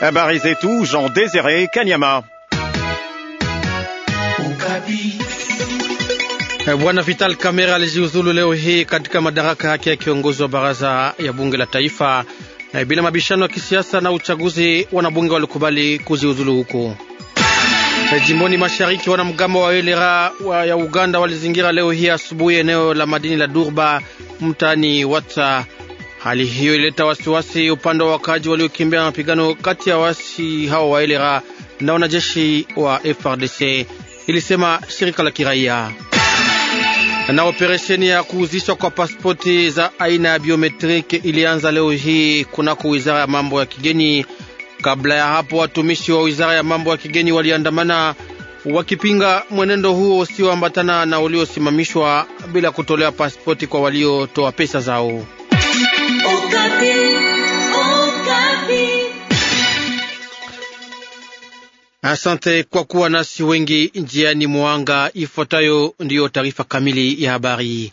Habari tout, Jean Désiré Kanyama. Bwana Vital Kamera alijiuzulu leo hii katika madaraka yake ya kiongozi wa baraza ya bunge la taifa. Bila mabishano ya kisiasa na uchaguzi, wanabunge walikubali kuziuzulu huko jimboni mashariki. Wanamgambo wa elera wa ya Uganda walizingira leo hii asubuhi eneo la madini la Durba mtaani Wata. Hali hiyo ilileta wasiwasi upande wa wakaji waliokimbia mapigano kati ya wasi hao waelera na wanajeshi wa FRDC, ilisema shirika la kiraia. Na operesheni ya kuuzishwa kwa pasipoti za aina ya biometriki ilianza leo hii kunako wizara ya mambo ya kigeni. Kabla ya hapo, watumishi wa wizara ya mambo ya kigeni waliandamana wakipinga mwenendo huo usioambatana na uliosimamishwa bila kutolea pasipoti kwa waliotoa pesa zao. Asante kwa kuwa nasi wengi njiani mwanga. Ifuatayo ndiyo taarifa kamili ya habari.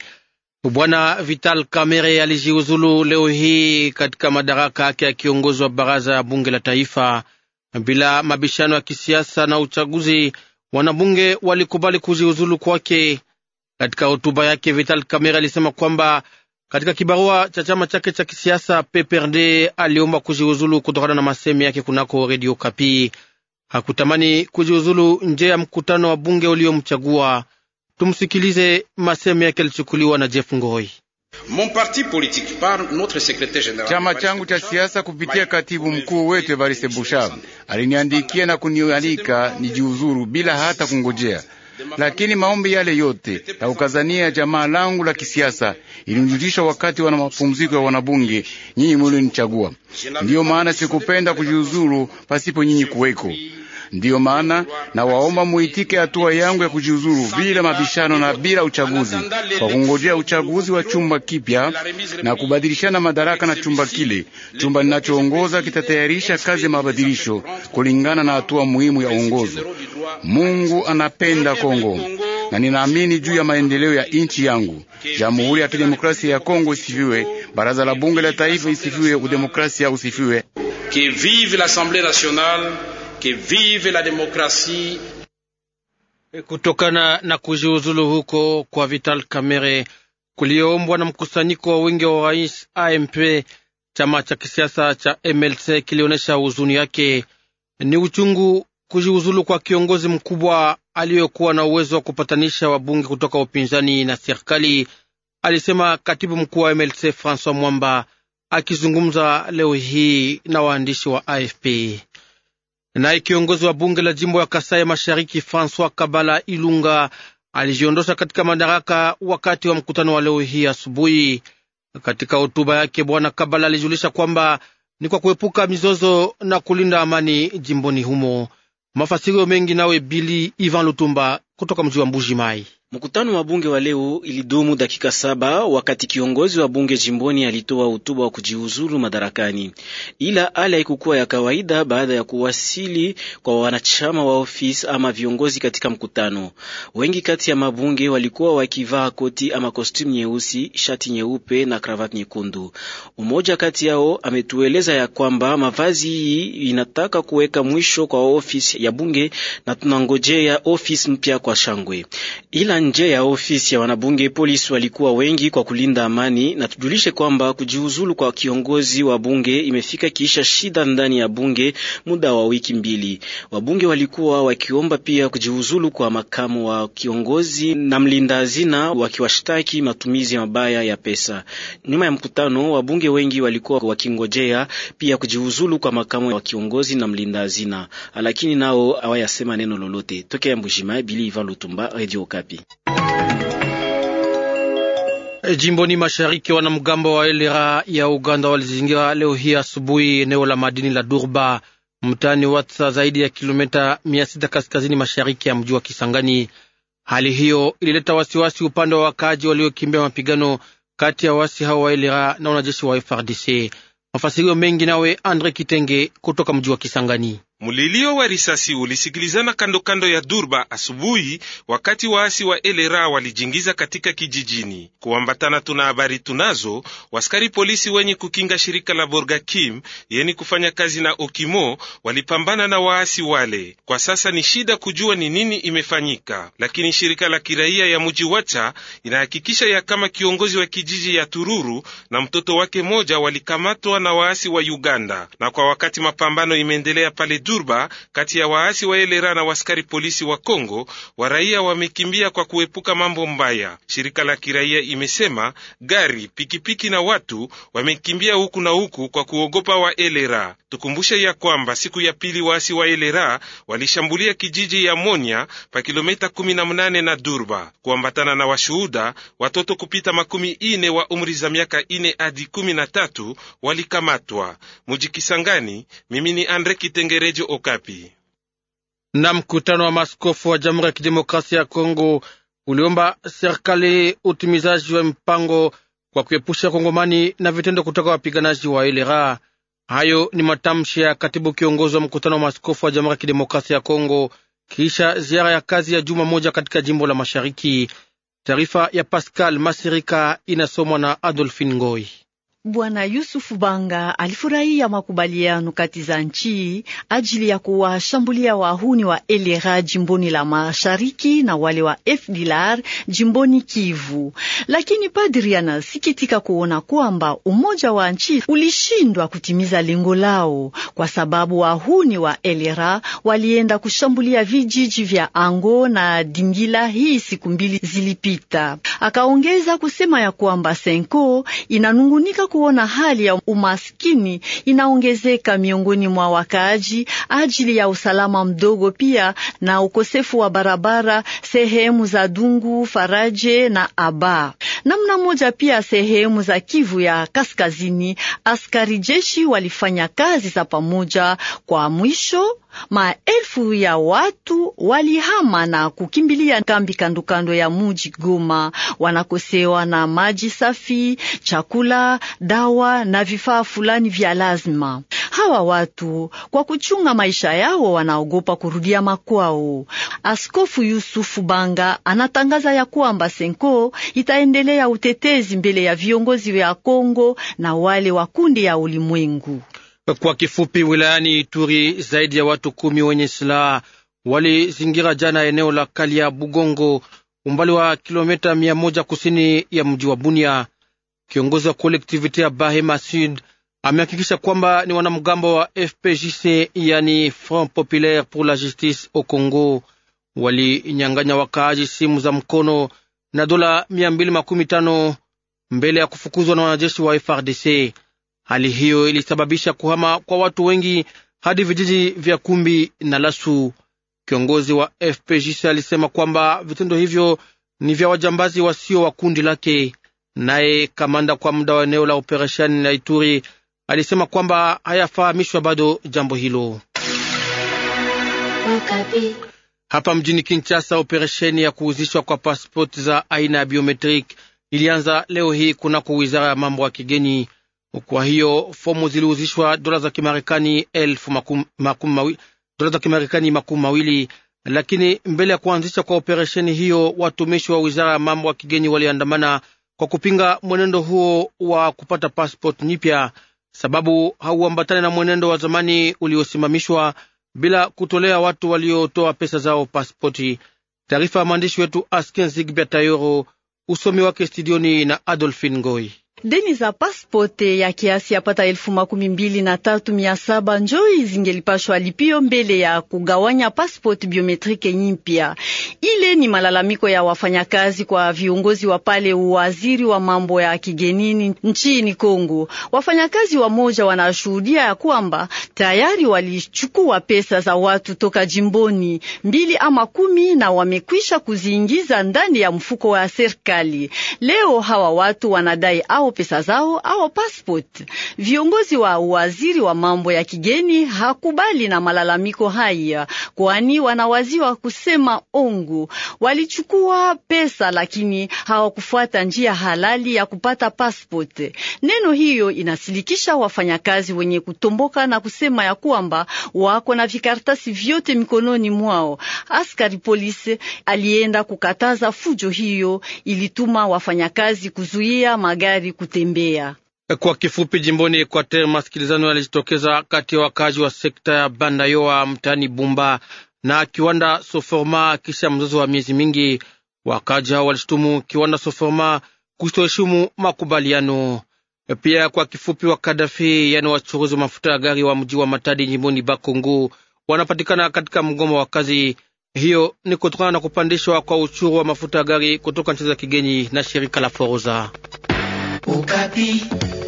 Bwana Vital Kamerhe alijiuzulu leo hii katika madaraka yake ya kiongozi wa baraza ya bunge la taifa. Bila mabishano ya kisiasa na uchaguzi, wanabunge walikubali kujiuzulu kwake. Katika hotuba yake, Vital Kamerhe alisema kwamba katika kibarua cha chama chake cha kisiasa PPRD aliomba kujiuzulu kutokana na masemi yake kunako redio Kapi hakutamani kujiuzulu nje ya mkutano wa bunge uliomchagua. Tumsikilize masemo yake yalichukuliwa na Jeff Ngoi. Chama changu cha siasa kupitia katibu mkuu wetu Evariste Bushab aliniandikia na kunialika nijiuzuru bila hata kungojea, lakini maombi yale yote na ukazania ya jamaa langu la kisiasa ilinijudisha wakati wana mapumziko ya wanabunge, nyinyi mulionichagua. Ndiyo maana sikupenda kujiuzuru pasipo nyinyi kuweko. Ndiyo maana na waomba muitike hatua yangu ya kujiuzuru bila mabishano na bila uchaguzi, kwa kungojea uchaguzi wa chumba kipya na kubadilishana madaraka na chumba kile. Chumba ninachoongoza kitatayarisha kazi ya mabadilisho kulingana na hatua muhimu ya uongozi. Mungu anapenda Kongo na ninaamini juu ya maendeleo ya nchi yangu. Jamhuri ya Kidemokrasia ya Kongo isifiwe, baraza la bunge la taifa isifiwe, udemokrasia usifiwe. Que vive l'Assemblée nationale Que vive la demokrasi. E kutokana na kujiuzulu huko kwa Vital Kamerhe kuliombwa na mkusanyiko wa wingi wa rais AMP, chama cha kisiasa cha MLC kilionyesha huzuni yake. Ni uchungu kujiuzulu kwa kiongozi mkubwa aliyekuwa na uwezo wa kupatanisha wabunge kutoka upinzani na serikali, alisema katibu mkuu wa MLC Francois Mwamba akizungumza leo hii na waandishi wa AFP. Naye kiongozi wa bunge la jimbo ya Kasai Mashariki Francois Kabala Ilunga alijiondosha katika madaraka wakati wa mkutano wa leo hii asubuhi. Katika hotuba yake, bwana Kabala alijulisha kwamba ni kwa kuepuka mizozo na kulinda amani jimboni humo. Mafasirio mengi nawe Bili Ivan Lutumba kutoka mji wa Mbuji Mai. Mkutano wa bunge wa leo ilidumu dakika saba wakati kiongozi wa bunge jimboni alitoa hotuba wa kujiuzulu madarakani, ila hali haikukuwa ya kawaida baada ya kuwasili kwa wanachama wa ofisi ama viongozi katika mkutano. Wengi kati ya mabunge walikuwa wakivaa koti ama kostumu nyeusi, shati nyeupe na kravati nyekundu. Umoja kati yao ametueleza ya kwamba mavazi hii inataka kuweka mwisho kwa ofisi ya bunge na tunangojea ofisi mpya kwa shangwe ila nje ya ofisi ya wanabunge polisi walikuwa wengi kwa kulinda amani, na tujulishe kwamba kujiuzulu kwa kiongozi wa bunge imefika kiisha shida ndani ya bunge muda wa wiki mbili. Wabunge walikuwa wakiomba pia kujiuzulu kwa makamu wa kiongozi na mlinda hazina, wakiwashtaki matumizi mabaya ya pesa. Nyuma ya mkutano, wabunge wengi walikuwa wakingojea pia kujiuzulu kwa makamu wa kiongozi na mlinda hazina, lakini nao hawayasema neno lolote. Tokea Mbushima, Bili Ivan Lutumba, Radio Okapi. Eh, jimboni mashariki wanamgambo wa elera ya Uganda walizingira leo hii asubuhi eneo la madini la Durba mtaani Watsa, zaidi ya kilomita mia sita kaskazini mashariki ya mji wa Kisangani. Hali hiyo ilileta wasiwasi upande wa wakaaji waliokimbia mapigano kati ya wasi hao wa elera na wanajeshi wa FRDC. Mafasirio mengi nawe Andre Kitenge kutoka mji wa Kisangani. Mulilio wa risasi ulisikilizana kando kando ya Durba asubuhi, wakati waasi wa Elera walijingiza katika kijijini. Kuambatana tuna habari tunazo, waskari polisi wenye kukinga shirika la Borgakim yeni kufanya kazi na Okimo walipambana na waasi wale. Kwa sasa ni shida kujua ni nini imefanyika, lakini shirika la kiraia ya muji Wacha inahakikisha ya kama kiongozi wa kijiji ya Tururu na mtoto wake moja walikamatwa na waasi wa Uganda, na kwa wakati mapambano imeendelea pale Durba kati ya waasi wa Elera na waskari polisi wa Kongo. Waraia wamekimbia kwa kuepuka mambo mbaya. Shirika la kiraia imesema gari, pikipiki na watu wamekimbia huku na huku kwa kuogopa wa Elera. Tukumbushe ya kwamba siku ya pili waasi wa Elera walishambulia kijiji ya Monya pa kilomita kumi na na Durba, kuambatana na washuhuda. Watoto kupita makumi ine wa umri za miaka ine hadi kumi na tatu walikamatwa mujikisangani. Mimi ni Andre Kitengerejo, Okapi. Na mkutano wa maskofu wa Jamhuri ya Kidemokrasia ya Kongo uliomba serikali utimizaji wa mpango kwa kuepusha Kongomani na vitendo kutoka wapiganaji wa Elera. Hayo ni matamshi ya katibu kiongozi wa mkutano wa maaskofu wa Jamhuri ya Kidemokrasia ya Kongo kisha ziara ya kazi ya juma moja katika jimbo la Mashariki. Taarifa ya Pascal Masirika inasomwa na Adolfin Ngoi. Bwana Yusufu Banga alifurahia makubaliano kati za nchi ajili ya kuwashambulia wahuni wa Elera jimboni la Mashariki na wale wa FDLR jimboni Kivu, lakini padri anasikitika kuona kwamba umoja wa nchi ulishindwa kutimiza lengo lao kwa sababu wahuni wa Elera walienda kushambulia vijiji vya Ango na Dingila hii siku mbili zilipita. Akaongeza kusema ya kwamba Senko inanungunika kuona hali ya umaskini inaongezeka miongoni mwa wakaaji ajili ya usalama mdogo, pia na ukosefu wa barabara sehemu za Dungu, Faraje na Aba. Namna moja pia, sehemu za Kivu ya kaskazini, askari jeshi walifanya kazi za pamoja. Kwa mwisho, maelfu ya watu walihama na kukimbilia kambi kandokando ya muji Goma, wanakosewa na maji safi, chakula, dawa na vifaa fulani vya lazima. Hawa watu kwa kuchunga maisha yao wanaogopa kurudia makwao. Askofu Yusufu Banga anatangaza ya kwamba Senko itaendelea utetezi mbele ya viongozi vya Kongo na wale wa kundi ya ulimwengu. Kwa kifupi, wilayani Ituri zaidi ya watu kumi wenye silaha walizingira jana eneo la kali ya Bugongo, umbali wa kilomita mia moja kusini ya mji wa Bunia. Kiongozi wa kolektiviti ya Bahema Sud amehakikisha kwamba ni wanamgambo wa FPJC, yani Front Populaire pour la Justice au Congo, walinyang'anya wakaaji simu za mkono na dola mia mbili makumi tano mbele ya kufukuzwa na wanajeshi wa FRDC. Hali hiyo ilisababisha kuhama kwa watu wengi hadi vijiji vya Kumbi na Lasu. Kiongozi wa FPJC alisema kwamba vitendo hivyo ni vya wajambazi wasio wa kundi lake. Naye kamanda kwa muda wa eneo la operesheni la Ituri alisema kwamba hayafahamishwa bado jambo hilo. Hapa mjini Kinshasa, operesheni ya kuhuzishwa kwa pasipoti za aina ya biometriki ilianza leo hii kunako wizara ya mambo ya kigeni. Kwa hiyo fomu zilihuzishwa dola za Kimarekani elfu dola za Kimarekani makumi mawili, lakini mbele ya kuanzisha kwa operesheni hiyo watumishi wa wizara ya mambo ya kigeni waliandamana kwa kupinga mwenendo huo wa kupata pasipoti nyipya sababu hauambatani na mwenendo wa zamani uliosimamishwa bila kutolea watu waliotoa pesa zao pasipoti. Taarifa ya mwandishi wetu Asken Zigbia Tayoro, usomi wake studioni na Adolfin Ngoi. Deni za paspote ya kiasi pata elfu makumi mbili na tatu mia saba njoi zingelipashwa lipio mbele ya kugawanya paspote biometrike nyimpya. Ile ni malalamiko ya wafanyakazi kwa viongozi wa pale uwaziri wa mambo ya kigenini nchini Kongo. Wafanyakazi wamoja wanashuhudia ya kwamba tayari walichukua pesa za watu toka jimboni mbili ama kumi na wamekwisha kuziingiza ndani ya mfuko wa serikali. Leo hawa watu wanadai au pesa zao au passport. Viongozi wa waziri wa mambo ya kigeni hakubali na malalamiko haya, kwani wanawaziwa kusema ongu Walichukua pesa lakini hawakufuata njia halali ya kupata passport. Neno hiyo inasilikisha wafanyakazi wenye kutomboka na kusema ya kwamba wako na vikaratasi vyote mikononi mwao. Askari polisi alienda kukataza fujo hiyo, ilituma wafanyakazi kuzuia magari kutembea. Kwa kifupi, jimboni Ekwater masikilizano yalijitokeza kati ya wakazi wa sekta ya Bandayoa mtaani Bumba na kiwanda Soforma kisha mzozo wa miezi mingi. Wakaji hao walishutumu kiwanda Soforma kutoheshimu makubaliano. Pia kwa kifupi, wa Kadafi, yani wachuruzi wa mafuta ya gari wa mji wa Matadi jimboni Bakongo wanapatikana katika mgomo wa kazi. Hiyo ni kutokana na kupandishwa kwa uchuru wa mafuta ya gari kutoka nchi za kigeni na shirika la Foroza. Copy.